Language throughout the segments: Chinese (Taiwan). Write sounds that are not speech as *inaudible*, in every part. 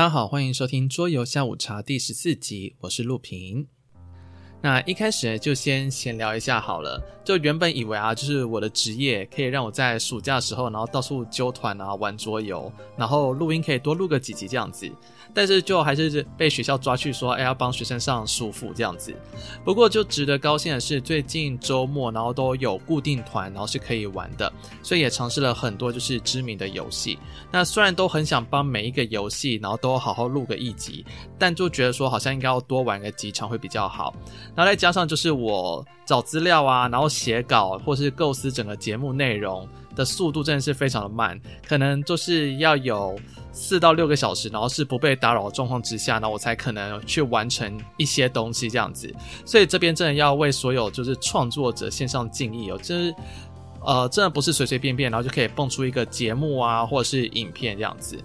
大家好，歡迎收聽《桌遊下午茶》第十四集，我是陸平。那一開始就先閒聊一下好了。就原本以為啊，就是我的職業可以讓我在暑假的時候，然後到處揪團啊，玩桌遊，然後錄音可以多錄個幾集這樣子。但是就還是被學校抓去說，哎、欸，要幫學生上暑輔，這樣子。不過就值得高興的是，最近周末然後都有固定團，然後是可以玩的，所以也嘗試了很多就是知名的遊戲。那雖然都很想幫每一個遊戲，然後都好好錄個一集，但就覺得說好像應該要多玩個幾場會比較好。然後再加上就是我找資料啊，然後寫稿或是構思整個節目內容的速度真的是非常的慢，可能就是要有四到六個小時，然後是不被打擾的狀況之下，然後我才可能去完成一些東西這樣子。所以這邊真的要為所有就是創作者獻上敬意哦，就是呃，真的不是隨隨便便然後就可以蹦出一個節目啊，或者是影片這樣子。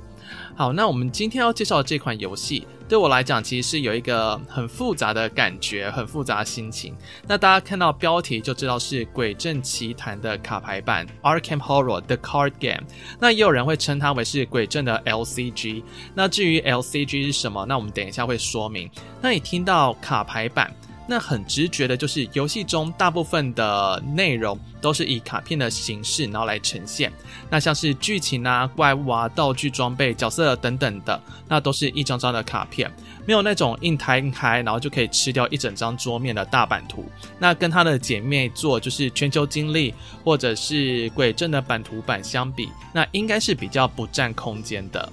好，那我們今天要介紹的這款遊戲，對我來講其實是有一個很複雜的感覺，很複雜的心情。那大家看到標題就知道是《詭鎮奇談》的卡牌版《Arkham Horror: The Card Game》，那也有人會稱它為是《詭鎮》的 LCG。那至於 LCG 是什麼，那我們等一下會說明。那你聽到卡牌版？那很直覺的就是，遊戲中大部分的內容都是以卡片的形式，然後來呈現。那像是劇情啊、怪物啊、道具裝備、角色等等的，那都是一張張的卡片，沒有那種硬攤開，然後就可以吃掉一整張桌面的大版圖。那跟他的姐妹作，就是《全球經歷》或者是《鬼鎮》的版圖版相比，那應該是比較不佔空間的。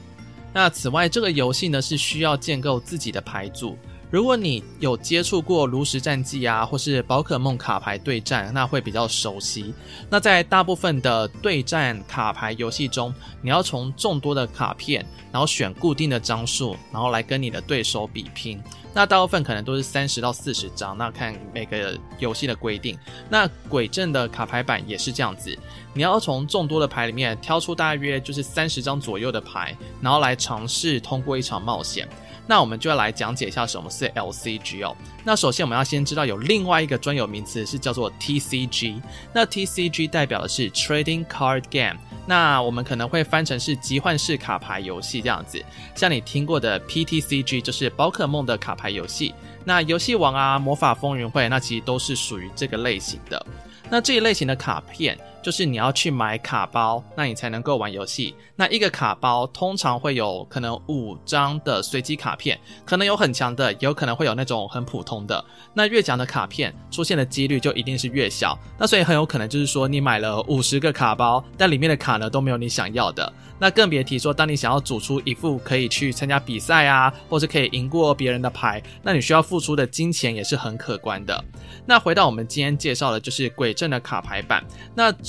那此外，這個遊戲呢是需要建構自己的牌組。如果你有接觸過《爐石戰記》啊，或是《寶可夢》卡牌對戰，那會比較熟悉。那在大部分的對戰卡牌遊戲中，你要從眾多的卡片，然後選固定的張數，然後來跟你的對手比拼。那大部分可能都是三十到四十張，那看每個遊戲的規定。那《詭鎮》的卡牌版也是這樣子，你要從眾多的牌裡面挑出大約就是三十張左右的牌，然後來嘗試通過一場冒險。那我們就要來講解一下什麼是 LCG 哦。那首先我們要先知道有另外一個專有名詞是叫做 TCG，那 TCG 代表的是 Trading Card Game。那我們可能會翻成是集換式卡牌遊戲這樣子，像你聽過的 PTCG 就是寶可夢的卡牌遊戲，那遊戲王啊、魔法風雲會，那其實都是屬於這個類型的。那這一類型的卡片。就是你要去買卡包，那你才能夠玩遊戲。那一個卡包通常會有可能五張的隨機卡片，可能有很強的，有可能會有那種很普通的。那越強的卡片出現的幾率就一定是越小。那所以很有可能就是說，你買了五十個卡包，但裡面的卡呢都沒有你想要的。那更別提說，當你想要組出一副可以去參加比賽啊，或是可以贏過別人的牌，那你需要付出的金錢也是很可觀的。那回到我們今天介紹的，就是詭鎮的卡牌版。那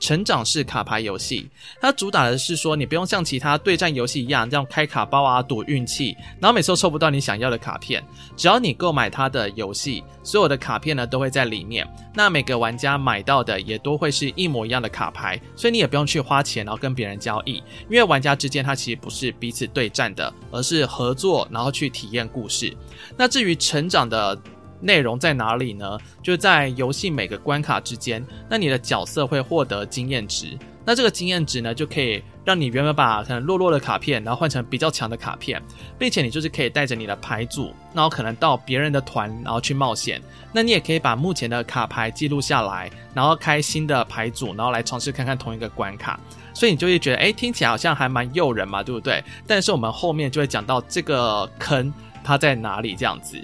成長式卡牌遊戲，它主打的是說，你不用像其他對戰遊戲一樣，這樣開卡包啊，賭運氣，然後每次都抽不到你想要的卡片。只要你購買它的遊戲，所有的卡片呢都會在裡面。那每個玩家買到的也都會是一模一樣的卡牌，所以你也不用去花錢，然後跟別人交易，因為玩家之間它其實不是彼此對戰的，而是合作，然後去體驗故事。那至於成長的，內容在哪裡呢？就是在遊戲每個關卡之間，那你的角色會獲得經驗值，那這個經驗值呢，就可以讓你原本把可能弱弱的卡片，然後換成比較強的卡片，並且你就是可以帶着你的牌組，然後可能到別人的團，然後去冒險。那你也可以把目前的卡牌記錄下來，然後開新的牌組，然後來嘗試看看同一個關卡。所以你就會覺得，誒、欸，聽起來好像還蠻誘人嘛，對不對？但是我們後面就會講到這個坑它在哪裡，這樣子。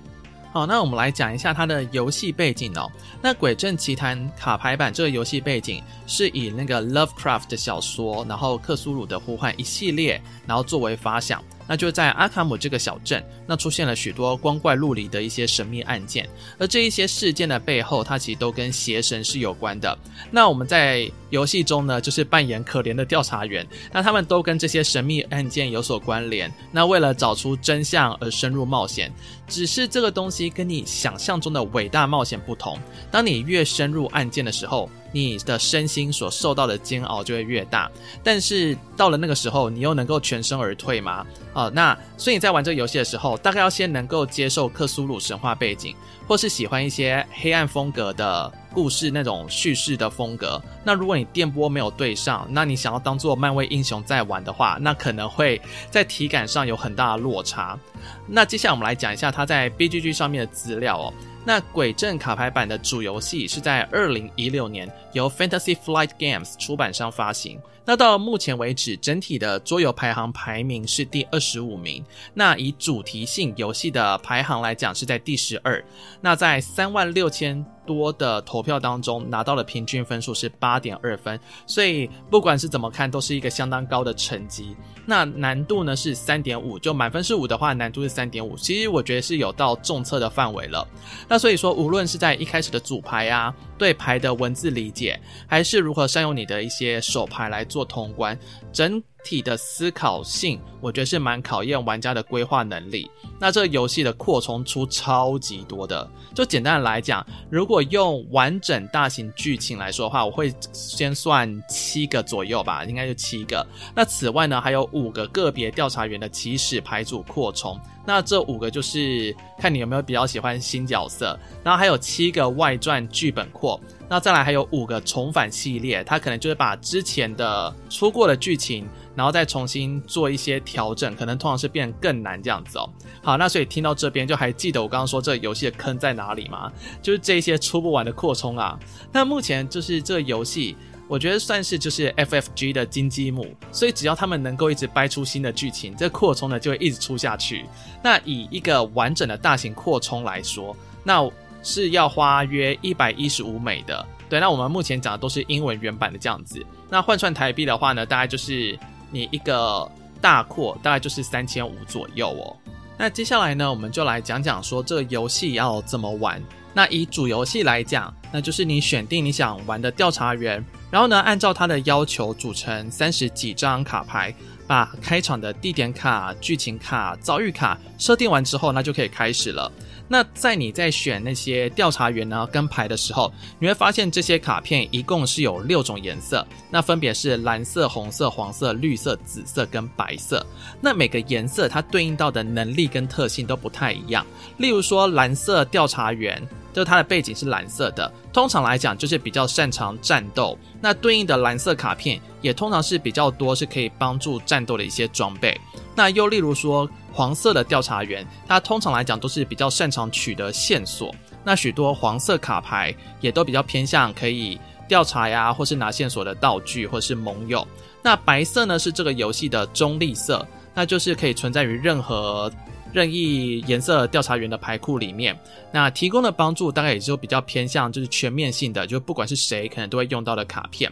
好，那我們來講一下它的遊戲背景哦。那《詭鎮奇談》卡牌版這個遊戲背景是以那個 Lovecraft 的小說，然後克蘇魯的呼喚一系列，然後作為發想。那就在阿卡姆這個小鎮，那出現了許多光怪陸離的一些神秘案件，而這一些事件的背後，它其實都跟邪神是有關的。那我們在遊戲中呢，就是扮演可憐的調查員，那他們都跟這些神秘案件有所關聯。那為了找出真相而深入冒險，只是這個東西跟你想象中的偉大冒險不同。當你越深入案件的時候，你的身心所受到的煎熬就會越大，但是到了那個時候，你又能夠全身而退嗎？啊、呃，那所以你在玩這個遊戲的時候，大概要先能夠接受克蘇魯神話背景，或是喜歡一些黑暗風格的故事那種敘事的風格。那如果你電波沒有對上，那你想要當做漫威英雄在玩的話，那可能會在體感上有很大的落差。那接下來我們來講一下它在 BGG 上面的資料哦。那詭鎮卡牌版的主遊戲是在二零一六年由 Fantasy Flight Games 出版商發行。那到目前為止，整體的桌遊排行排名是第二十五名。那以主題性遊戲的排行來講，是在第十二。那在三萬六千。多的投票當中拿到的平均分數是八點二分，所以不管是怎麼看都是一個相當高的成績。那難度呢是三點五，就滿分是五的話，難度是三點五，其實我覺得是有到重測的範圍了。那所以說，無論是在一開始的組牌呀、啊、對牌的文字理解，還是如何善用你的一些手牌來做通關，整。體的思考性，我覺得是蠻考驗玩家的規劃能力。那這遊戲的擴充出超級多的，就簡單的來講，如果用完整大型劇情來說的話，我會先算七個左右吧，應該就七個。那此外呢，還有五個個別調查員的起始牌組擴充。那這五個就是看你有沒有比較喜歡新角色。然後還有七個外傳劇本擴，那再來還有五個重返系列，它可能就是把之前的出過的劇情。然後再重新做一些調整，可能通常是變更難這樣子哦。好，那所以聽到這邊就還記得我剛剛說這個遊戲的坑在哪裡嗎？就是這些出不完的擴充啊。那目前就是這個遊戲，我覺得算是就是 FFG 的金雞母，所以只要他們能夠一直掰出新的劇情，這擴充呢就會一直出下去。那以一個完整的大型擴充來說，那是要花約一百一十五美的。的對，那我們目前講的都是英文原版的這樣子。那換算台幣的話呢，大概就是。你一個大擴大概就是三千五左右哦。那接下來呢，我們就來講講說這個遊戲要怎麼玩。那以主遊戲來講，那就是你選定你想玩的調查員，然後呢，按照他的要求組成三十幾張卡牌，把開場的地點卡、劇情卡、遭遇卡設定完之後，那就可以開始了。那在你在選那些調查員呢，跟牌的時候，你會發現這些卡片一共是有六種顏色，那分別是藍色、紅色、黃色、綠色、紫色跟白色。那每個顏色它對應到的能力跟特性都不太一樣。例如說藍色調查員，就是它的背景是藍色的，通常來講就是比較擅長戰鬥。那對應的藍色卡片也通常是比較多，是可以幫助戰鬥的一些裝備。那又例如說，黃色的調查員，他通常來講都是比較擅長取得線索。那許多黃色卡牌也都比較偏向可以調查呀，或是拿線索的道具，或是盟友。那白色呢，是這個遊戲的中立色，那就是可以存在於任何任意顏色的調查員的牌庫裡面。那提供的幫助大概也就比較偏向就是全面性的，就是不管是誰，可能都會用到的卡片。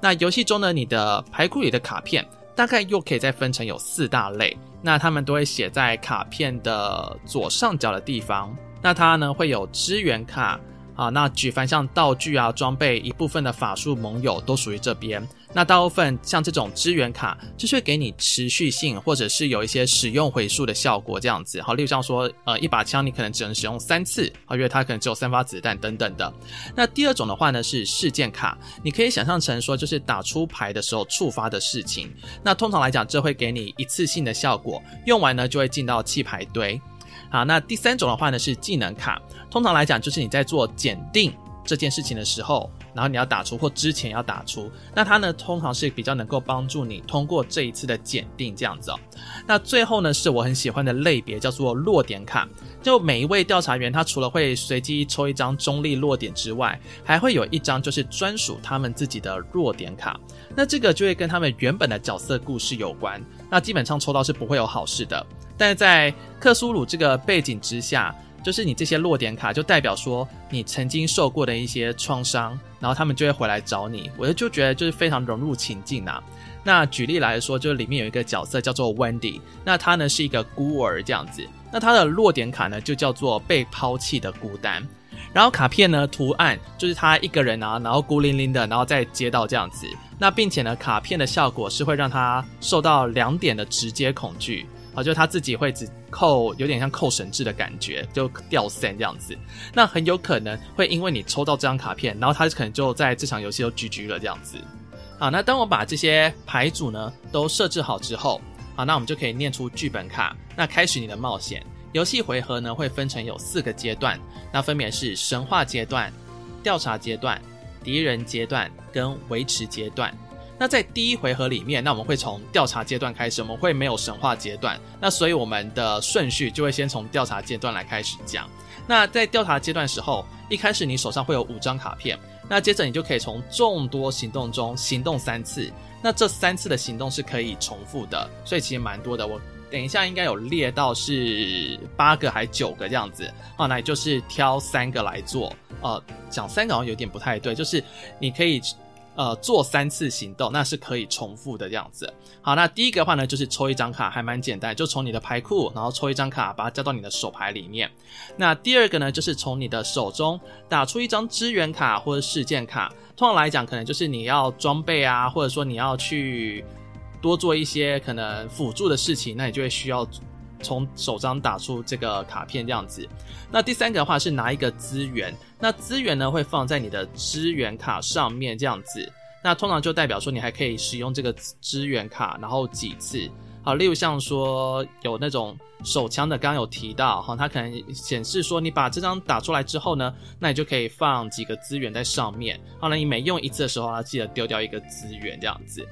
那遊戲中呢，你的牌庫裡的卡片。大概又可以再分成有四大類，那他們都會寫在卡片的左上角的地方，那它呢會有支援卡啊，那舉凡像道具啊、裝備，一部分的法術盟友都屬於這邊。那大部分像這種支援卡，就是會給你持續性，或者是有一些使用回數的效果這樣子。好，例如像說，呃，一把槍你可能只能使用三次，啊，因為它可能只有三發子彈等等的。那第二種的話呢是事件卡，你可以想象成說就是打出牌的時候觸發的事情。那通常來講，這會給你一次性的效果，用完呢就會進到棄牌堆。好，那第三種的話呢是技能卡，通常來講就是你在做檢定這件事情的時候。然後你要打出或之前要打出，那它呢通常是比較能夠幫助你通過這一次的檢定這樣子哦、喔。那最後呢是我很喜歡的類別叫做弱點卡，就每一位調查員他除了會隨機抽一張中立弱點之外，還會有一張就是專屬他們自己的弱點卡。那這個就會跟他們原本的角色故事有關。那基本上抽到是不會有好事的，但在克蘇魯這個背景之下。就是你這些弱點卡就代表說你曾經受過的一些創傷，然後他們就會回來找你。我就覺得就是非常融入情境啊。那舉例來說，就是裡面有一個角色叫做 Wendy，那他呢是一個孤兒這樣子。那他的弱點卡呢就叫做被拋棄的孤單，然後卡片呢圖案就是他一個人啊，然後孤零零的，然後在街道這樣子。那並且呢卡片的效果是會讓他受到兩點的直接恐懼。好，就他自己會只扣，有點像扣神志的感覺，就掉線這樣子。那很有可能會因為你抽到這張卡片，然後他可能就在這場遊戲就 GG 了這樣子。好，那當我把這些牌組呢都設置好之後，好，那我們就可以念出劇本卡，那開始你的冒險。遊戲回合呢會分成有四個階段，那分別是神話階段、調查階段、敵人階段跟維持階段。那在第一回合裡面，那我們會從調查階段開始，我們會沒有神話階段，那所以我們的順序就會先從調查階段來開始講。那在調查階段時候，一開始你手上會有五張卡片，那接着你就可以從眾多行動中行動三次，那這三次的行動是可以重複的，所以其實蠻多的。我等一下應該有列到是八個還是九個這樣子。好，那也就是挑三個來做，呃，講三個好像有點不太對，就是你可以。呃，做三次行動，那是可以重複的這樣子。好，那第一個的話呢，就是抽一張卡，還蠻簡單，就從你的牌庫，然後抽一張卡，把它加到你的手牌裡面。那第二個呢，就是從你的手中打出一張支援卡或者事件卡。通常來講，可能就是你要裝備啊，或者說你要去多做一些可能輔助的事情，那你就會需要。從手張打出這個卡片這樣子，那第三個的話是拿一個資源，那資源呢會放在你的支援卡上面這樣子，那通常就代表說你還可以使用這個支援卡然後幾次。好，例如像說有那種手槍的，剛剛有提到哈，它可能顯示說你把這張打出來之後呢，那你就可以放幾個資源在上面，好，那你每用一次的時候啊，要記得丟掉一個資源這樣子。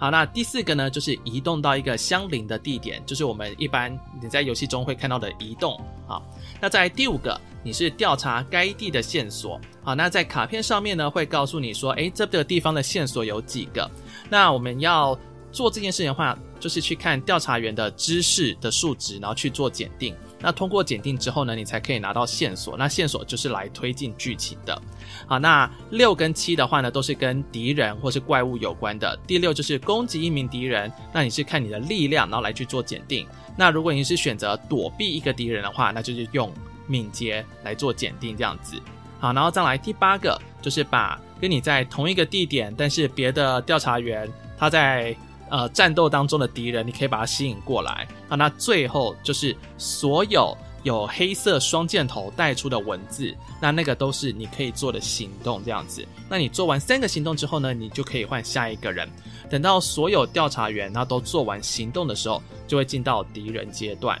好，那第四個呢，就是移動到一個相鄰的地點，就是我們一般你在遊戲中會看到的移動。好，那在第五個，你是調查該地的線索。好，那在卡片上面呢，會告訴你說，哎，這個地方的線索有幾個。那我們要做這件事情的話，就是去看調查員的知識的數值，然後去做檢定。那通過檢定之後呢，你才可以拿到線索。那線索就是來推進劇情的。好，那六跟七的話呢，都是跟敵人或是怪物有關的。第六就是攻擊一名敵人，那你是看你的力量，然後來去做檢定。那如果你是選擇躲避一個敵人的話，那就是用敏捷來做檢定這樣子。好，然後再來第八個，就是把跟你在同一個地點，但是別的調查員他在。呃，戰鬥當中的敵人，你可以把它吸引過來。啊，那最後就是所有有黑色雙箭頭帶出的文字，那那個都是你可以做的行動，這樣子。那你做完三個行動之後呢，你就可以換下一個人。等到所有調查員那都做完行動的時候，就會進到敵人階段。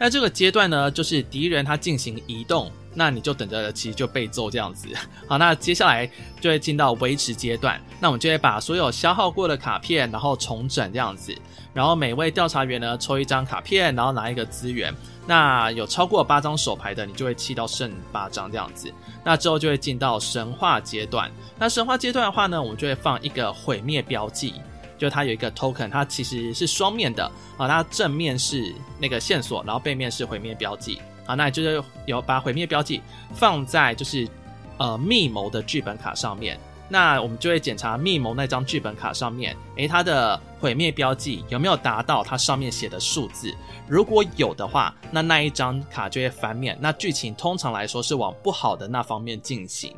那這個階段呢，就是敵人他進行移動。那你就等着，其實就被揍這樣子。好，那接下來就會進到維持階段，那我們就會把所有消耗過的卡片，然後重整這樣子。然後每位調查員呢抽一張卡片，然後拿一個資源。那有超過八張手牌的，你就會棄到剩八張這樣子。那之後就會進到神話階段。那神話階段的話呢，我們就會放一個毀滅標記，就它有一個 token，它其實是雙面的，好，它正面是那個線索，然後背面是毀滅標記。好、啊，那也就是有把毀滅標記放在就是呃密謀的劇本卡上面，那我們就會檢查密謀那張劇本卡上面，誒、欸，它的毀滅標記有沒有達到它上面寫的數字？如果有的話，那那一張卡就會翻面。那劇情通常來說是往不好的那方面進行。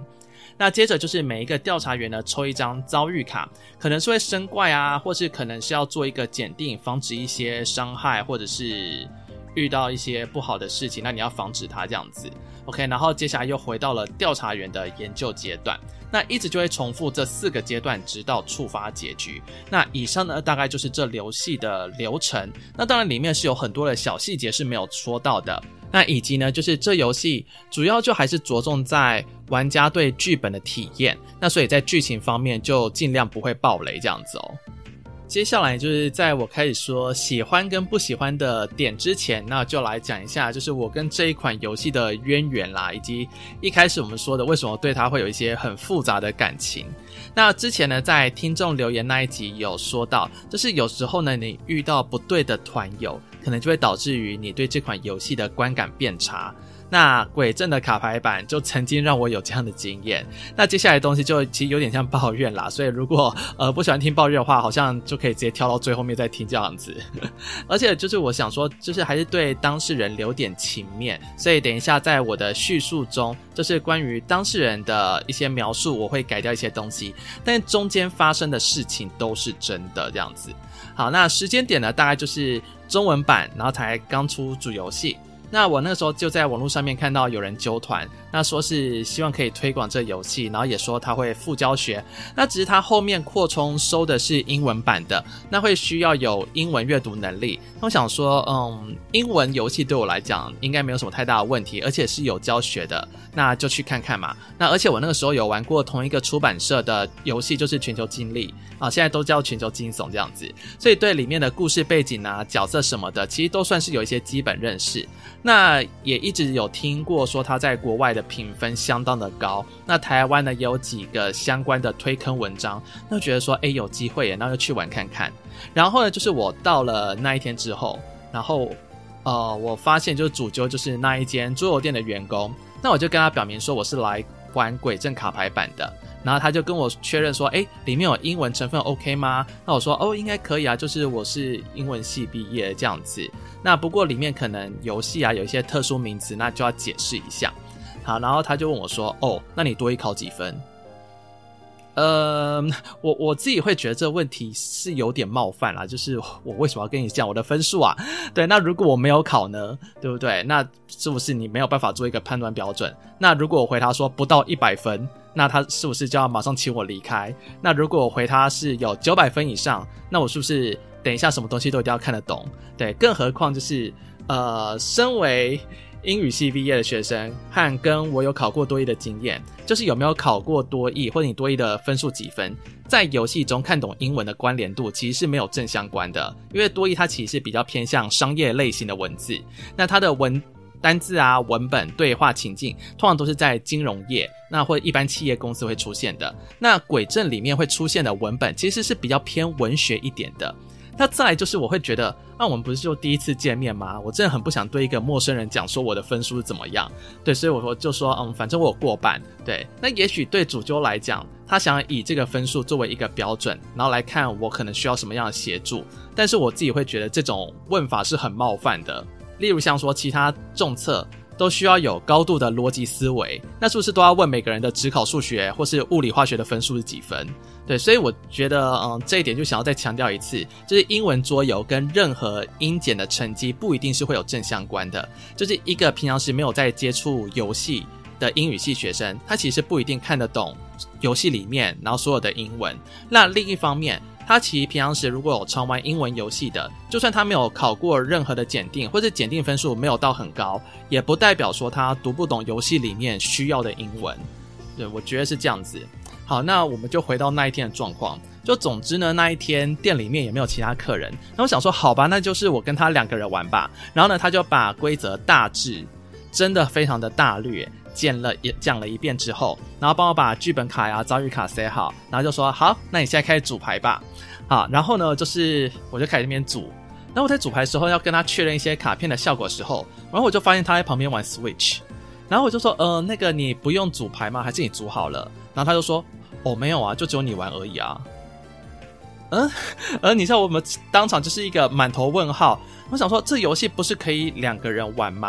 那接着就是每一個調查員呢抽一張遭遇卡，可能是會生怪啊，或是可能是要做一個檢定，防止一些傷害或者是。遇到一些不好的事情，那你要防止它這樣子，OK。然後接下來又回到了調查員的研究階段，那一直就會重複這四個階段，直到觸發結局。那以上呢，大概就是這遊戲的流程。那當然裡面是有很多的小細節是沒有說到的，那以及呢，就是這遊戲主要就還是着重在玩家對劇本的體驗，那所以在劇情方面就儘量不會爆雷這樣子哦。接下來就是在我開始說喜歡跟不喜歡的點之前，那就來講一下，就是我跟這一款遊戲的淵源啦，以及一開始我們說的為什麼對它會有一些很複雜的感情。那之前呢，在聽眾留言那一集有說到，就是有時候呢，你遇到不對的團友，可能就會導致於你對這款遊戲的觀感變差。那詭鎮的卡牌版就曾經讓我有這樣的經驗。那接下來的東西就其實有點像抱怨啦，所以如果呃不喜歡聽抱怨的話，好像就可以直接跳到最後面再聽這樣子。 *laughs* 而且就是我想說，就是還是對當事人留點情面，所以等一下在我的敘述中，就是關於當事人的一些描述，我會改掉一些東西，但中間發生的事情都是真的這樣子。好，那時間點呢，大概就是中文版，然後才剛出主遊戲。那我那個時候就在網絡上面看到有人揪團。那說是希望可以推廣這遊戲，然後也說它會附教學。那只是它後面擴充收的是英文版的，那會需要有英文閱讀能力。那我想說，嗯，英文遊戲對我來講應該沒有什麼太大的問題，而且是有教學的，那就去看看嘛。那而且我那個時候有玩過同一個出版社的遊戲，就是《全球經歷》啊，現在都叫《全球驚悚》這樣子。所以對裡面的故事背景啊、角色什麼的，其實都算是有一些基本認識。那也一直有聽過說他在國外的。評分相當的高，那台灣呢也有幾個相關的推坑文章，那覺得說，哎，有機會耶，那就去玩看看。然後呢，就是我到了那一天之後，然後呃，我發現就是主揪就是那一間桌遊店的員工，那我就跟他表明說，我是來玩詭鎮卡牌版的，然後他就跟我確認說，哎，裡面有英文成分 OK 嗎？那我說哦，應該可以啊，就是我是英文系畢業這樣子，那不過裡面可能遊戲啊有一些特殊名詞，那就要解釋一下。啊，然後他就問我說：“哦，那你多益考幾分？”嗯、呃，我我自己會覺得這個問題是有點冒犯啦。就是我為什麼要跟你講我的分數啊？對，那如果我沒有考呢，對不對？那是不是你沒有辦法做一個判斷標準？那如果我回答說不到一百分，那他是不是就要馬上請我離開？那如果我回他是有九百分以上，那我是不是等一下什麼東西都一定要看得懂？對，更何況就是呃，身為……英語系畢業的學生，和跟我有考過多益的經驗，就是有沒有考過多益，或者你多益的分數幾分，在遊戲中看懂英文的關聯度，其實是沒有正相關的。因為多益它其實是比較偏向商業類型的文字，那它的文單字啊、文本對話情境，通常都是在金融業，那或者一般企業公司會出現的。那詭鎮裡面會出現的文本，其實是比較偏文學一點的。那再來就是，我會覺得，那、啊、我們不是就第一次見面嗎？我真的很不想對一個陌生人講說我的分數是怎麼樣。對，所以我說就說，嗯，反正我有過半。對，那也許對主揪來講，他想以這個分數作為一個標準，然後來看我可能需要什麼樣的協助。但是我自己會覺得這種問法是很冒犯的。例如像說，其他重策都需要有高度的邏輯思維，那是不是都要問每個人的指考數學或是物理化學的分數是幾分？對，所以我覺得，嗯，這一點就想要再強調一次，就是英文桌遊跟任何英檢的成績不一定是會有正相關的。就是一個平常時沒有在接觸遊戲的英語系學生，他其實不一定看得懂遊戲裡面然後所有的英文。那另一方面，他其實平常時如果有常玩英文遊戲的，就算他沒有考過任何的檢定，或是檢定分數沒有到很高，也不代表說他讀不懂遊戲裡面需要的英文。對，我覺得是這樣子。好，那我們就回到那一天的狀況。就總之呢，那一天店裡面也沒有其他客人。那我想說，好吧，那就是我跟他兩個人玩吧。然後呢，他就把規則大致，真的非常的大略，講了一講了一遍之後，然後幫我把劇本卡呀、遭遇卡塞好，然後就說好，那你現在開始組牌吧。好，然後呢，就是我就開始那邊組。然後我在組牌的時候要跟他確認一些卡片的效果的時候，然後我就發現他在旁邊玩 Switch。然後我就說，呃，那個你不用組牌嗎？還是你組好了？然後他就說。哦，沒有啊，就只有你玩而已啊。嗯，而、嗯、你知道我們當場就是一個滿頭問號。我想說，這遊戲不是可以兩個人玩嗎？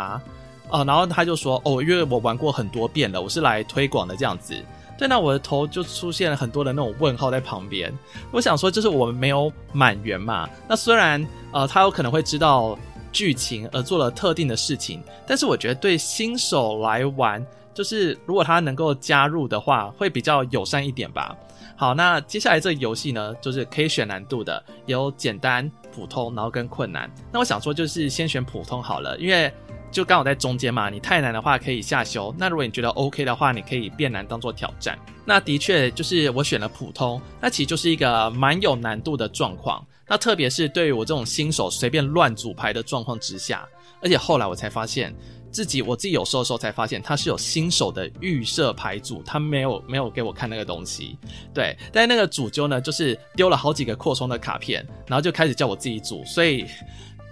啊、呃，然後他就說，哦，因為我玩過很多遍了，我是來推廣的這樣子。對，那我的頭就出現了很多的那種問號在旁邊。我想說，就是我們沒有滿員嘛。那雖然呃，他有可能會知道劇情而做了特定的事情，但是我覺得對新手來玩。就是如果他能夠加入的話，會比較友善一點吧。好，那接下來這個遊戲呢，就是可以選難度的，有簡單、普通，然後跟困難。那我想說，就是先選普通好了，因為就剛好在中間嘛。你太難的話，可以下修；那如果你覺得 OK 的話，你可以變難當做挑戰。那的確就是我選了普通，那其實就是一個蠻有難度的狀況。那特別是對於我這種新手隨便亂組牌的狀況之下，而且後來我才發現。自己我自己有時候時候才發現他是有新手的預設牌組，他沒有沒有給我看那個東西，對，但是那個主揪呢，就是丟了好幾個擴充的卡片，然後就開始叫我自己組，所以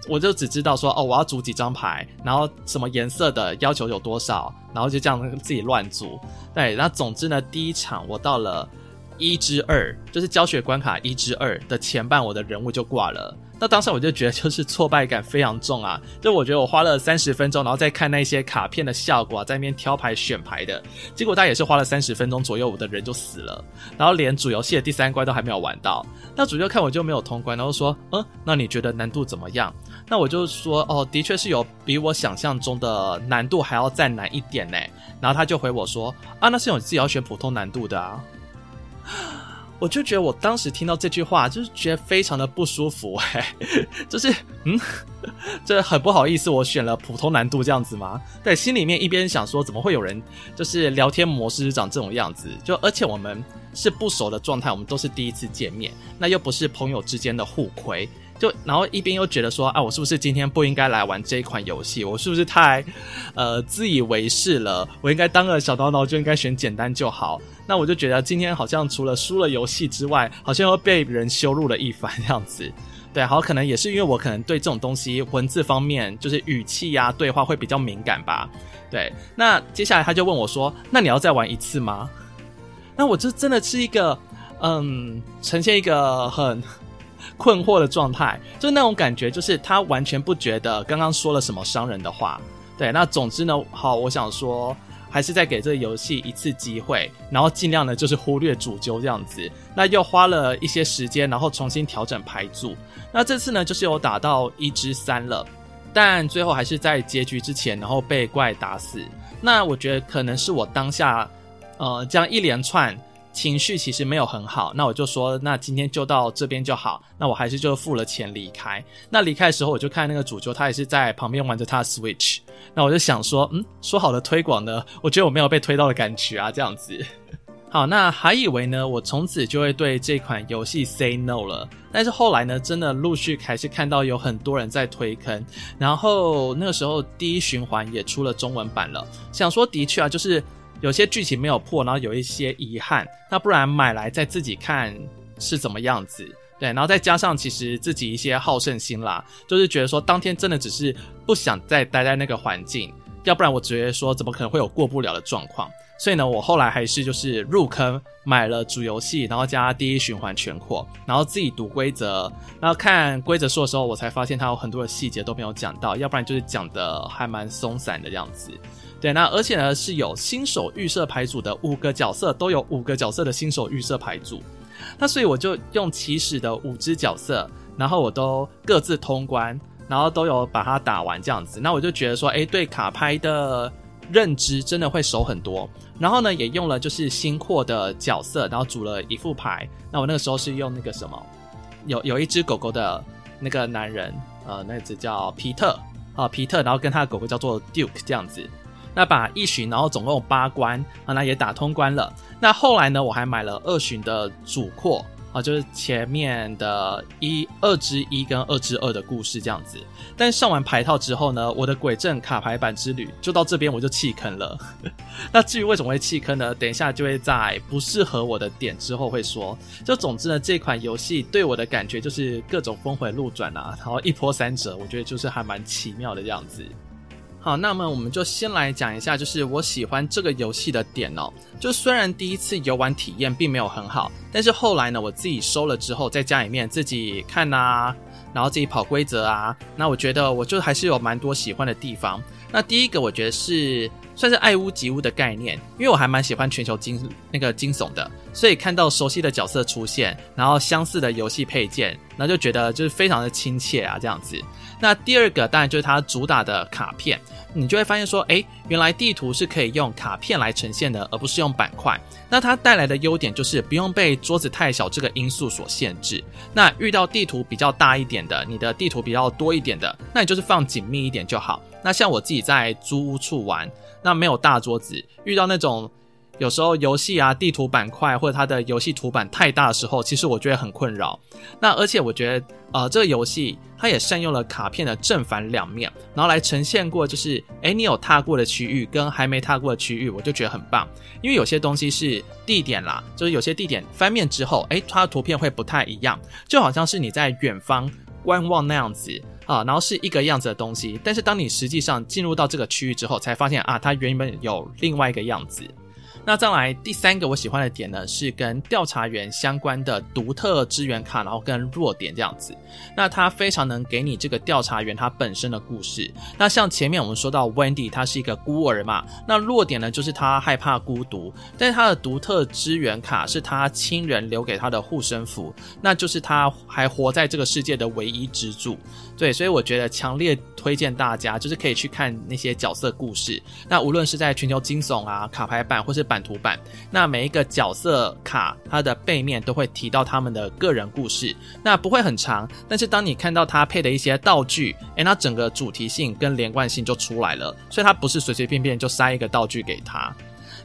我就只知道說哦，我要組幾張牌，然後什麼顏色的要求有多少，然後就這樣自己亂組，對，那總之呢，第一場我到了。一之二就是教學關卡一之二的前半，我的人物就掛了。那當時我就覺得就是挫敗感非常重啊！就我覺得我花了三十分鐘，然後再看那些卡片的效果啊，在那邊挑牌選牌的結果，他也是花了三十分鐘左右，我的人就死了，然後連主遊戲的第三關都還沒有玩到。那主角看我就沒有通關，然後說：“嗯，那你覺得難度怎麼樣？”那我就說：“哦，的確是有比我想象中的難度還要再難一點呢、欸。”然後他就回我說：“啊，那是你自己要選普通難度的啊。”我就覺得我當時聽到這句話，就是覺得非常的不舒服、欸、就是嗯，這很不好意思，我選了普通難度這樣子嗎？對，心裡面一邊想說怎麼會有人就是聊天模式長這種樣子，就而且我們是不熟的狀態，我們都是第一次見面，那又不是朋友之間的互虧。就然後一邊又覺得說，啊，我是不是今天不應該來玩這一款遊戲？我是不是太，呃，自以為是了？我應該當個小刀刀就應該選簡單就好。那我就覺得今天好像除了輸了遊戲之外，好像又被人羞辱了一番這樣子。對，好，可能也是因為我可能對這種東西文字方面就是語氣呀、啊、對話會比較敏感吧。對，那接下來他就問我說，那你要再玩一次嗎？那我就真的是一個，嗯，呈現一個很。困惑的狀態，就那種感覺，就是他完全不覺得剛剛說了什麼傷人的話。對，那總之呢，好，我想說，還是再給這個遊戲一次機會，然後盡量呢，就是忽略主揪這樣子。那又花了一些時間，然後重新調整牌組。那這次呢，就是有打到一之三了，但最後還是在結局之前，然後被怪打死。那我覺得可能是我當下，呃，這樣一連串。情緒其實沒有很好，那我就說，那今天就到這邊就好。那我還是就付了錢離開。那離開的時候，我就看那個主角，他也是在旁邊玩着他的 Switch。那我就想說，嗯，說好的推廣呢？我覺得我沒有被推到的感覺啊，這樣子。好，那還以為呢，我從此就會對這款遊戲 say no 了。但是後來呢，真的陸續還是看到有很多人在推坑。然後那個時候，第一循環也出了中文版了。想說，的確啊，就是。有些劇情沒有破，然後有一些遺憾，那不然買來再自己看是怎麼樣子，對，然後再加上其實自己一些好勝心啦，就是覺得說當天真的只是不想再待在那個環境，要不然我覺得說怎麼可能會有過不了的狀況，所以呢，我後來還是就是入坑買了主遊戲，然後加第一循環全擴，然後自己讀規則，然後看規則書的時候，我才發現它有很多的細節都沒有講到，要不然就是講的還蠻鬆散的樣子。對，那而且呢是有新手預設牌組的五個角色，都有五個角色的新手預設牌組。那所以我就用起始的五只角色，然後我都各自通關，然後都有把它打完這樣子。那我就覺得說，哎，對卡牌的認知真的會熟很多。然後呢，也用了就是新擴的角色，然後組了一副牌。那我那個時候是用那個什麼，有有一只狗狗的那個男人，呃，那只叫皮特啊，皮特，然後跟他的狗狗叫做 Duke 這樣子。那把一巡，然後總共有八關啊，那也打通關了。那後來呢，我還買了二巡的主擴啊，就是前面的一二之一跟二之二的故事這樣子。但上完牌套之後呢，我的詭鎮卡牌版之旅就到這邊我就棄坑了。 *laughs* 那至於為什麼會棄坑呢？等一下就會在不適合我的點之後會說。就總之呢，這款遊戲對我的感覺就是各種峰回路轉啊，然後一波三折，我覺得就是還蠻奇妙的這樣子。好，那麼我們就先來講一下，就是我喜歡這個遊戲的點哦。就雖然第一次遊玩體驗並沒有很好，但是後來呢，我自己收了之後，在家裡面自己看吶、啊，然後自己跑規則啊，那我覺得我就還是有蠻多喜歡的地方。那第一個我覺得是算是愛屋及烏的概念，因為我還蠻喜歡全球驚那個驚悚的，所以看到熟悉的角色出現，然後相似的遊戲配件，那就覺得就是非常的親切啊，這樣子。那第二個當然就是它主打的卡片，你就會發現說，誒，原來地圖是可以用卡片來呈現的，而不是用板塊。那它帶來的優點就是不用被桌子太小這個因素所限制。那遇到地圖比較大一點的，你的地圖比較多一點的，那你就是放緊密一點就好。那像我自己在租屋處玩，那沒有大桌子，遇到那種。有時候遊戲啊，地圖板塊或者它的遊戲圖板太大的時候，其實我覺得很困擾。那而且我覺得，呃，這個遊戲它也善用了卡片的正反兩面，然後來呈現過就是，哎，你有踏過的區域跟還沒踏過的區域，我就覺得很棒。因為有些東西是地點啦，就是有些地點翻面之後，哎，它的圖片會不太一樣，就好像是你在遠方觀望那樣子啊，然後是一個樣子的東西，但是當你實際上進入到這個區域之後，才發現啊，它原本有另外一個樣子。那再來第三個我喜歡的點呢，是跟調查員相關的獨特支援卡，然後跟弱點這樣子。那他非常能給你這個調查員他本身的故事。那像前面我們說到 Wendy，他是一個孤兒嘛，那弱點呢就是他害怕孤獨，但是他的獨特支援卡是他親人留給他的護身符，那就是他還活在這個世界的唯一支柱。對，所以我覺得強烈推薦大家就是可以去看那些角色故事。那無論是在全球驚悚啊卡牌版，或是版圖版，那每一個角色卡它的背面都會提到他們的個人故事，那不會很長，但是當你看到他配的一些道具，誒、欸，那整個主題性跟連貫性就出來了，所以他不是隨隨便便就塞一個道具給他。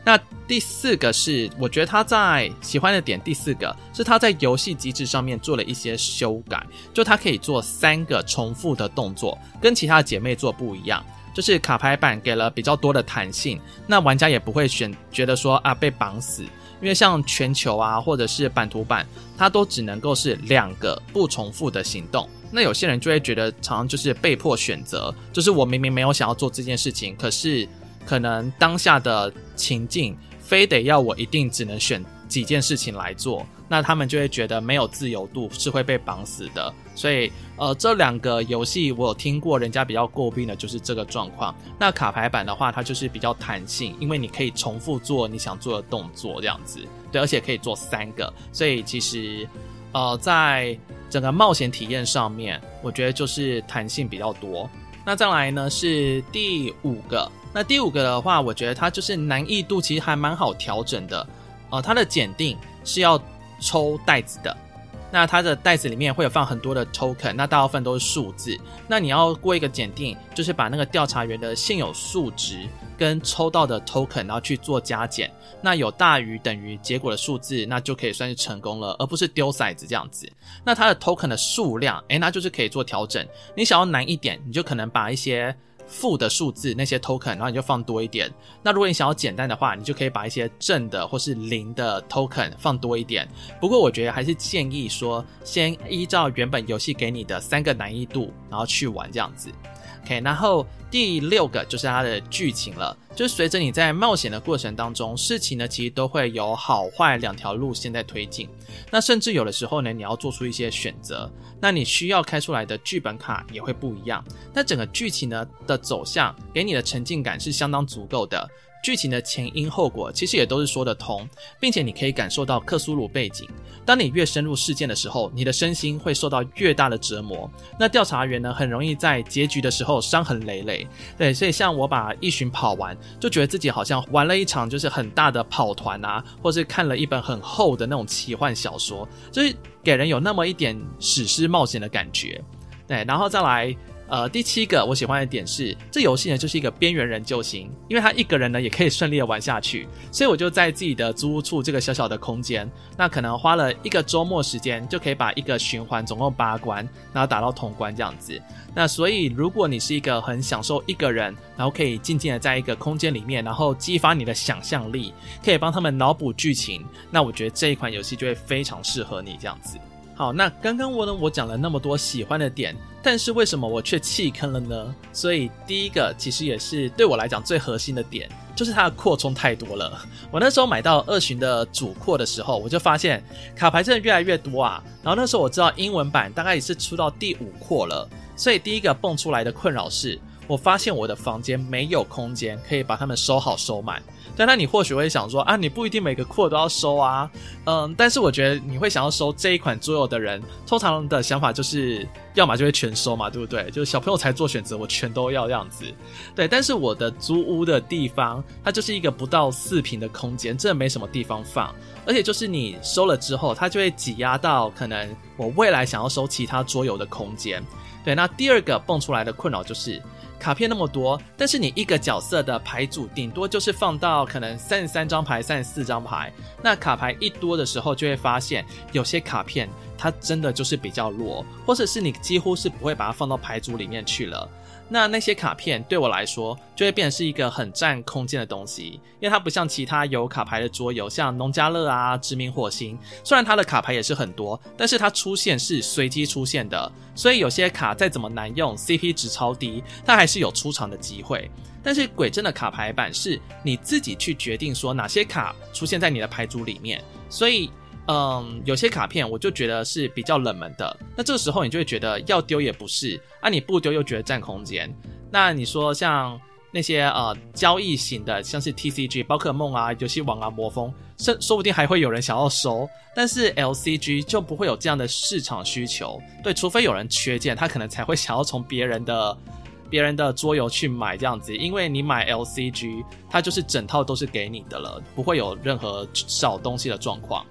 那第四個是，我覺得他在喜歡的點，第四個是他在遊戲機制上面做了一些修改，就他可以做三個重複的動作，跟其他的姐妹作不一樣。就是卡牌版給了比較多的彈性，那玩家也不會選覺得說啊被綁死，因為像全球啊或者是版圖版，它都只能夠是兩個不重複的行動。那有些人就會覺得常常就是被迫選擇，就是我明明沒有想要做這件事情，可是可能當下的情境非得要我一定只能選幾件事情來做。那他們就會覺得沒有自由度是會被綁死的，所以呃，這兩個遊戲我有聽過，人家比較詬病的就是這個狀況。那卡牌版的話，它就是比較彈性，因為你可以重複做你想做的動作這樣子，對，而且可以做三個，所以其實呃，在整個冒險體驗上面，我覺得就是彈性比較多。那再來呢是第五個，那第五個的話，我覺得它就是難易度其實還蠻好調整的，呃，它的檢定是要。抽袋子的，那它的袋子裡面會有放很多的 token，那大、大部分都是數字。那你要過一個檢定，就是把那個調查員的現有數值跟抽到的 token，然後去做加減。那有大於等於結果的數字，那就可以算是成功了，而不是丟骰子這樣子。那它的 token 的數量，誒、欸，那就是可以做調整。你想要難一點，你就可能把一些負的數字那些 token，然後你就放多一點。那如果你想要簡單的話，你就可以把一些正的或是零的 token 放多一點。不過我覺得還是建議說，先依照原本遊戲給你的三個難易度，然後去玩這樣子。OK，然後第六個就是它的劇情了，就是隨着你在冒險的過程當中，事情呢其實都會有好壞兩條路線在推進，那甚至有的時候呢，你要做出一些選擇，那你需要開出來的劇本卡也會不一樣，那整個劇情呢的走向給你的沉浸感是相當足夠的。劇情的前因後果其實也都是說得通，並且你可以感受到克蘇魯背景。當你越深入事件的時候，你的身心會受到越大的折磨。那調查員呢，很容易在結局的時候傷痕累累。對，所以像我把一巡跑完，就覺得自己好像玩了一場就是很大的跑團啊，或是看了一本很厚的那種奇幻小說，就是給人有那麼一點史詩冒險的感覺。對，然後再來。呃，第七個我喜歡的點是，這遊戲呢就是一個邊緣人救星，因為他一個人呢也可以順利的玩下去，所以我就在自己的租屋處這個小小的空間，那可能花了一個周末時間就可以把一個循環總共八關，然後打到通關這樣子。那所以如果你是一個很享受一個人，然後可以靜靜的在一個空間裡面，然後激發你的想象力，可以幫他們腦補劇情，那我覺得這一款遊戲就會非常適合你這樣子。好，那剛剛我呢，我講了那麼多喜歡的點。但是為什麼我卻棄坑了呢？所以第一個其實也是對我來講最核心的點，就是它的擴充太多了。我那時候買到二巡的主擴的時候，我就發現卡牌真的越來越多啊。然後那時候我知道英文版大概也是出到第五擴了，所以第一個蹦出來的困擾是我發現我的房間沒有空間可以把它們收好收滿。但那你或許會想說啊，你不一定每個庫都要收啊，嗯，但是我覺得你會想要收這一款桌遊的人，通常的想法就是，要麼就會全收嘛，對不對？就是小朋友才做選擇，我全都要這樣子，對。但是我的租屋的地方，它就是一個不到四平的空間，這沒什麼地方放，而且就是你收了之後，它就會擠壓到可能我未來想要收其他桌遊的空間，對。那第二個蹦出來的困擾就是。卡片那麼多，但是你一個角色的牌組頂多就是放到可能三十三張牌，三十四張牌。那卡牌一多的時候，就會發現有些卡片它真的就是比較弱，或者是你幾乎是不會把它放到牌組裡面去了。那那些卡片對我來說，就會變成是一個很佔空間的東西，因為它不像其他有卡牌的桌遊，像農家樂啊、殖民火星，雖然它的卡牌也是很多，但是它出現是隨機出現的，所以有些卡再怎麼難用，CP 值超低，它還是有出場的機會。但是詭鎮的卡牌版是你自己去決定說哪些卡出現在你的牌組裡面，所以。嗯，有些卡片我就覺得是比較冷門的，那這個時候你就會覺得要丟也不是，啊你不丟又覺得占空間，那你說像那些呃交易型的，像是 TCG、寶可夢啊、遊戲王啊、魔風，甚說不定還會有人想要收，但是 LCG 就不會有這樣的市場需求，對，除非有人缺件，他可能才會想要從別人的別人的桌遊去買這樣子，因為你買 LCG，它就是整套都是給你的了，不會有任何少東西的狀況。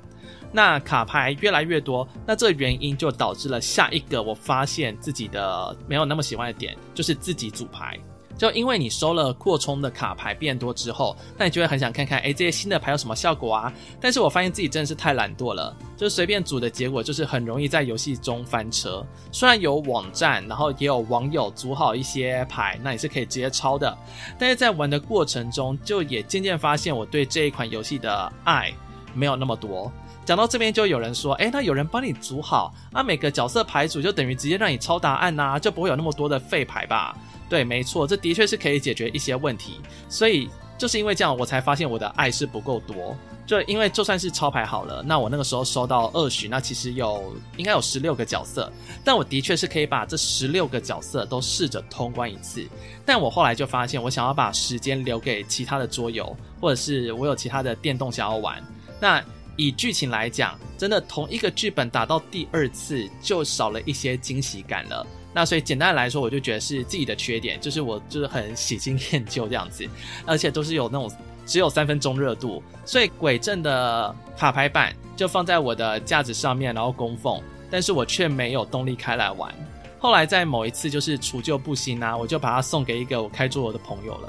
那卡牌越來越多，那這原因就導致了下一個，我發現自己的沒有那麼喜歡的點，就是自己組牌。就因為你收了擴充的卡牌變多之後，那你就會很想看看，欸，這些新的牌有什麼效果啊？但是我發現自己真的是太懶惰了，就隨便組的結果，就是很容易在遊戲中翻車。雖然有網站，然後也有網友組好一些牌，那你是可以直接抄的，但是在玩的過程中，就也漸漸發現我對這一款遊戲的愛沒有那麼多。講到這邊，就有人說：“誒，那有人幫你組好啊？每個角色牌組就等於直接讓你抄答案吶、啊，就不會有那麼多的廢牌吧？”對，沒錯，這的確是可以解決一些問題。所以就是因為這樣，我才發現我的愛是不夠多。就因為就算是抄牌好了，那我那個時候收到二十，那其實有應該有十六個角色，但我的確是可以把這十六個角色都試着通關一次。但我後來就發現，我想要把時間留給其他的桌遊，或者是我有其他的電動想要玩，那。以劇情來講，真的同一個劇本打到第二次就少了一些驚喜感了。那所以簡單來說，我就覺得是自己的缺點，就是我就是很喜新厭舊這樣子，而且都是有那種只有三分鐘熱度。所以詭鎮的卡牌版就放在我的架子上面，然後供奉，但是我卻沒有動力開來玩。後來在某一次就是除舊布新吶、啊，我就把它送給一個我開桌的朋友了。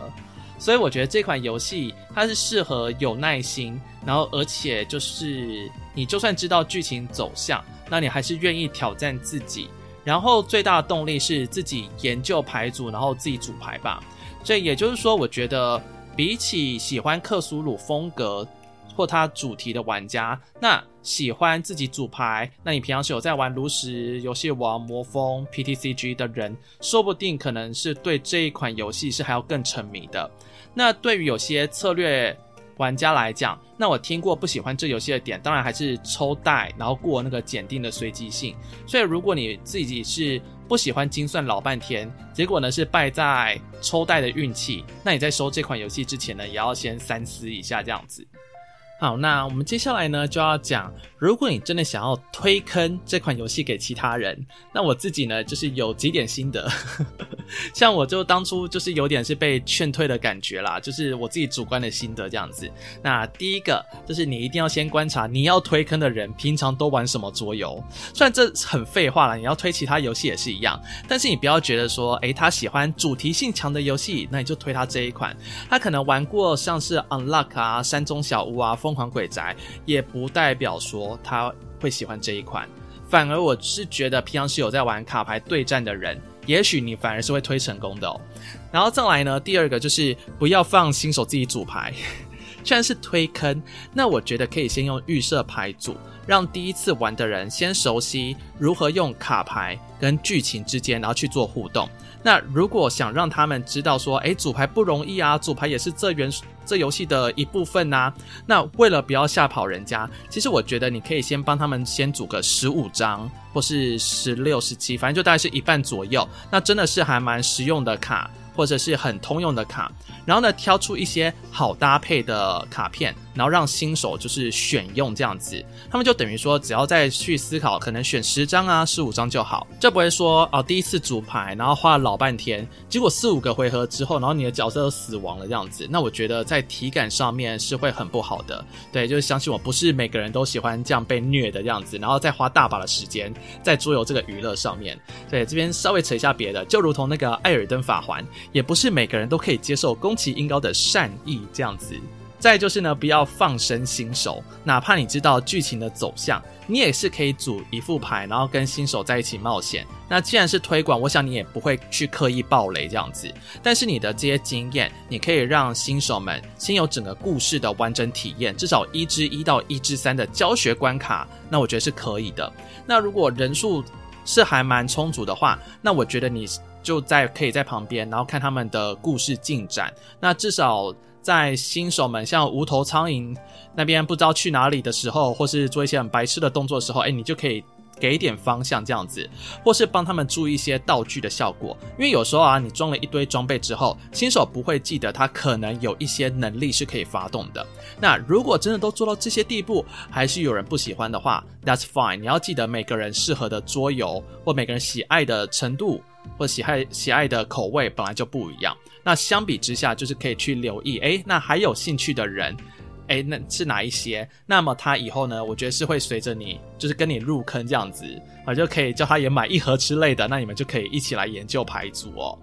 所以我覺得這款遊戲它是適合有耐心，然後而且就是你就算知道劇情走向，那你還是願意挑戰自己。然後最大的動力是自己研究牌組，然後自己組牌吧。所以也就是說，我覺得比起喜歡克蘇魯風格，或他主題的玩家，那喜歡自己組牌，那你平常是有在玩爐石、遊戲王、魔風、PTCG 的人，說不定可能是對這一款遊戲是還要更沉迷的。那對於有些策略玩家來講，那我聽過不喜歡這遊戲的點，當然還是抽袋，然後過那個檢定的隨機性。所以如果你自己是不喜歡精算老半天，結果呢是敗在抽袋的運氣，那你在收這款遊戲之前呢，也要先三思一下這樣子。好，那我們接下來呢就要講，如果你真的想要推坑這款遊戲給其他人，那我自己呢就是有幾點心得， *laughs* 像我就當初就是有點是被勸退的感覺啦，就是我自己主觀的心得這樣子。那第一個就是你一定要先觀察你要推坑的人平常都玩什麼桌遊，雖然這很廢話啦，你要推其他遊戲也是一樣，但是你不要覺得說，哎、欸，他喜歡主題性強的遊戲，那你就推他這一款，他可能玩過像是 Unlock 啊、山中小屋啊。瘋狂鬼宅，也不代表說他會喜歡這一款，反而我是覺得平常是有在玩卡牌對戰的人，也許你反而是會推成功的哦。然後再來呢，第二個就是不要放新手自己組牌。既然是推坑，那我覺得可以先用預設牌組，讓第一次玩的人先熟悉如何用卡牌跟劇情之間，然後去做互動。那如果想讓他們知道說，誒，組牌不容易啊，組牌也是這元這遊戲的一部分吶、啊。那為了不要嚇跑人家，其實我覺得你可以先幫他們先組個十五張或是十六、十七，反正就大概是一半左右。那真的是還蠻實用的卡。或者是很通用的卡，然後呢，挑出一些好搭配的卡片。然後讓新手就是選用這樣子，他們就等於說，只要再去思考，可能選十張啊、十五張就好，就不會說哦、啊，第一次組牌，然後花了老半天，結果四五個回合之後，然後你的角色都死亡了這樣子。那我覺得在體感上面是會很不好的，對，就是相信我，不是每個人都喜歡這樣被虐的這樣子，然後再花大把的時間在桌遊這個娛樂上面。對，這邊稍微扯一下別的，就如同那個《艾爾登法環》，也不是每個人都可以接受宮崎英高的善意這樣子。再就是呢，不要放生新手。哪怕你知道劇情的走向，你也是可以組一副牌，然後跟新手在一起冒險。那既然是推廣，我想你也不會去刻意爆雷這樣子。但是你的這些經驗，你可以讓新手們先有整個故事的完整體驗，至少一至一到一至三的教學關卡，那我覺得是可以的。那如果人數是還蠻充足的話，那我覺得你就在，可以在旁邊，然後看他們的故事進展。那至少。在新手們像無頭蒼蠅那邊不知道去哪裡的時候，或是做一些很白痴的動作的時候，哎，你就可以給一點方向這樣子，或是幫他們注意一些道具的效果。因為有時候啊，你裝了一堆裝備之後，新手不會記得他可能有一些能力是可以發動的。那如果真的都做到這些地步，還是有人不喜歡的話，That's fine，你要記得每個人適合的桌遊或每個人喜愛的程度。或者喜愛喜愛的口味本來就不一樣，那相比之下，就是可以去留意，哎、欸，那還有興趣的人，哎、欸，那是哪一些？那麼他以後呢，我覺得是會隨着你，就是跟你入坑這樣子，我就可以叫他也買一盒之類的，那你們就可以一起來研究牌組哦。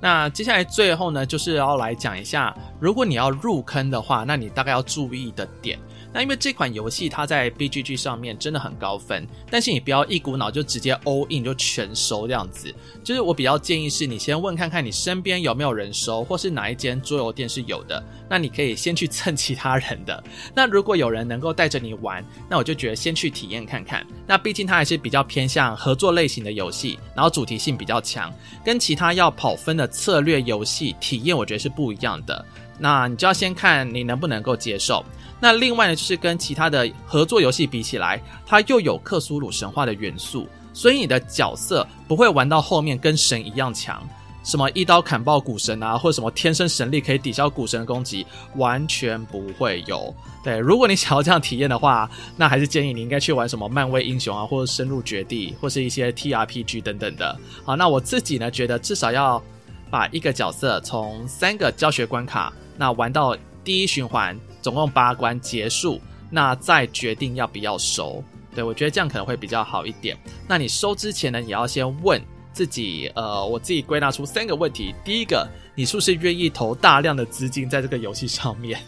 那接下來最後呢，就是要來講一下，如果你要入坑的話，那你大概要注意的點。那因為這款遊戲它在 BGG 上面真的很高分，但是你不要一股腦就直接 all in 就全收這樣子。就是我比較建議是你先問看看你身邊有沒有人收，或是哪一間桌遊店是有的，那你可以先去蹭其他人的。那如果有人能夠帶着你玩，那我就覺得先去體驗看看。那畢竟它還是比較偏向合作類型的遊戲，然後主題性比較強，跟其他要跑分的策略遊戲體驗，我覺得是不一樣的。那你就要先看你能不能夠接受。那另外呢，就是跟其他的合作遊戲比起來，它又有克蘇魯神話的元素，所以你的角色不會玩到後面跟神一樣強，什麼一刀砍爆古神啊，或者什麼天生神力可以抵消古神的攻擊，完全不會有。對，如果你想要這樣體驗的話，那還是建議你應該去玩什麼漫威英雄啊，或者深入絕地，或是一些 TRPG 等等的。好，那我自己呢，覺得至少要把一個角色從三個教學關卡。那玩到第一循環，總共八關結束，那再決定要不要收。對，我覺得這樣可能會比較好一點。那你收之前呢，也要先問自己，呃，我自己歸納出三個問題。第一個，你是不是願意投大量的資金在這個遊戲上面？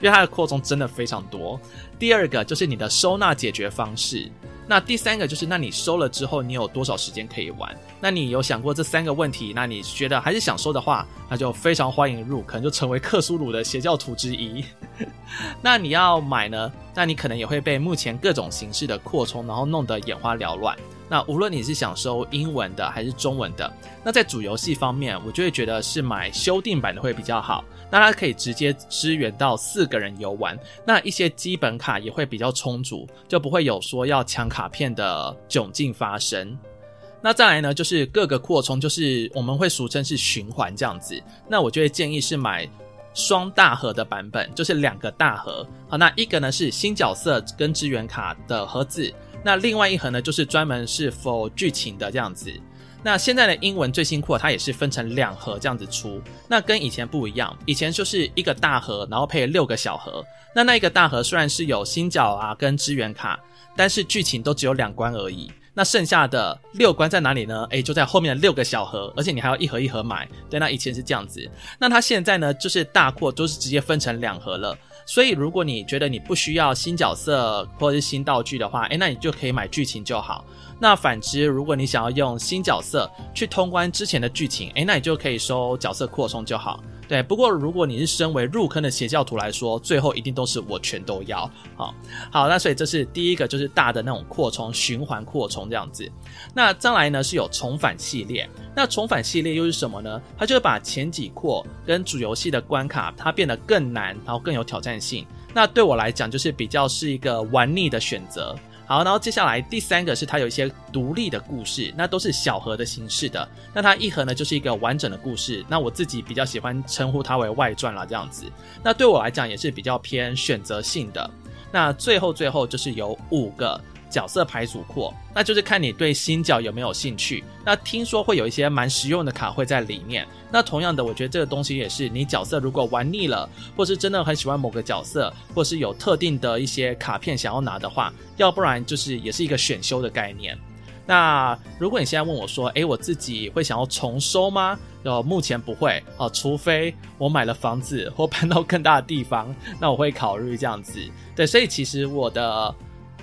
因為它的擴充真的非常多。第二個就是你的收納解決方式。那第三個就是，那你收了之後，你有多少時間可以玩？那你有想過這三個問題？那你覺得還是想收的話，那就非常歡迎入，可能就成為克蘇魯的邪教徒之一。 *laughs* 那你要買呢？那你可能也會被目前各種形式的擴充，然後弄得眼花繚亂。那無論你是想收英文的還是中文的，那在主遊戲方面，我就會覺得是買修訂版的會比較好。那它可以直接支援到四個人遊玩，那一些基本卡也會比較充足，就不會有說要搶卡片的窘境發生。那再來呢，就是各個擴充，就是我們會俗稱是循環這樣子，那我就會建議是買。雙大盒的版本就是兩個大盒，好，那一個呢是新角色跟支援卡的盒子，那另外一盒呢就是專門是 for 劇情的這樣子。那現在的英文最新擴，它也是分成兩盒這樣子出，那跟以前不一樣，以前就是一個大盒，然後配六個小盒。那那一個大盒雖然是有新角啊跟支援卡，但是劇情都只有兩關而已。那剩下的六關在哪裡呢？哎、欸，就在後面的六個小盒，而且你還要一盒一盒買。對，那以前是這樣子，那它現在呢，就是大擴，都是直接分成兩盒了。所以，如果你覺得你不需要新角色或者是新道具的話，哎、欸，那你就可以買劇情就好。那反之，如果你想要用新角色去通關之前的劇情，哎、欸，那你就可以收角色擴充就好。對，不過如果你是身為入坑的邪教徒來說，最後一定都是我全都要。好好，那所以這是第一個，就是大的那種擴充，循環擴充這樣子。那將來呢是有重返系列，那重返系列又是什麼呢？它就是把前幾擴跟主遊戲的關卡，它變得更難，然後更有挑戰性。那對我來講，就是比較是一個玩膩的選擇。好，然後接下來第三個是它有一些獨立的故事，那都是小盒的形式的。那它一盒呢，就是一個完整的故事，那我自己比較喜歡稱呼它為外傳啦，這樣子。那對我來講也是比較偏選擇性的。那最後最後就是有五個。角色牌組擴，那就是看你對新角有沒有興趣。那聽說會有一些蠻實用的卡會在裡面。那同樣的，我覺得這個東西也是你角色如果玩膩了，或是真的很喜歡某個角色，或是有特定的一些卡片想要拿的話，要不然就是也是一個選修的概念。那如果你現在問我說：“哎、欸，我自己會想要重收嗎？”呃，目前不會哦、呃，除非我買了房子或搬到更大的地方，那我會考慮這樣子。對，所以其實我的。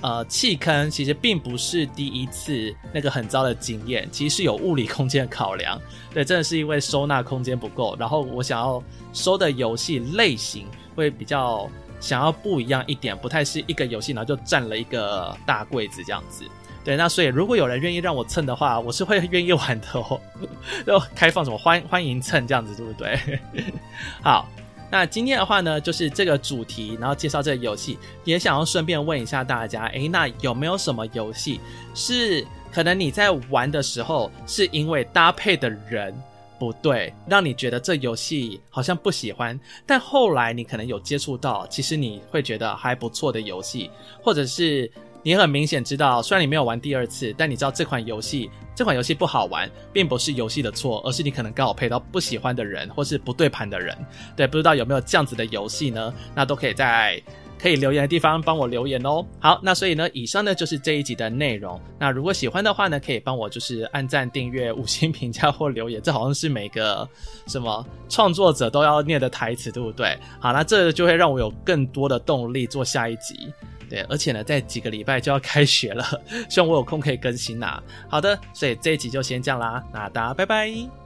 呃，棄坑其實並不是第一次那個很糟的經驗，其實是有物理空間的考量。對，真的是因為收納空間不夠，然後我想要收的遊戲類型會比較想要不一樣一點，不太是一個遊戲，然後就佔了一個大櫃子這樣子。對，那所以如果有人願意讓我蹭的話，我是會願意玩的哦。就 *laughs* 開放什麼歡歡迎蹭這樣子，對不對？ *laughs* 好。那今天的話呢，就是這個主題，然後介紹這個遊戲，也想要順便問一下大家，誒，那有沒有什麼遊戲是可能你在玩的時候，是因為搭配的人不對，讓你覺得這遊戲好像不喜歡，但後來你可能有接觸到，其實你會覺得還不錯的遊戲，或者是。你很明顯知道，雖然你沒有玩第二次，但你知道這款遊戲這款遊戲不好玩，並不是遊戲的錯，而是你可能剛好配到不喜歡的人，或是不對盤的人。對，不知道有沒有這樣子的遊戲呢？那都可以在可以留言的地方幫我留言哦。好，那所以呢，以上呢就是這一集的內容。那如果喜歡的話呢，可以幫我就是按贊、訂閱、五星評價或留言，這好像是每個什麼創作者都要念的台詞，對不對？好，那這就會讓我有更多的動力做下一集。對，而且呢，再幾個禮拜就要開學了，希望我有空可以更新啦。好的，所以這一集就先這樣啦，那大家拜拜。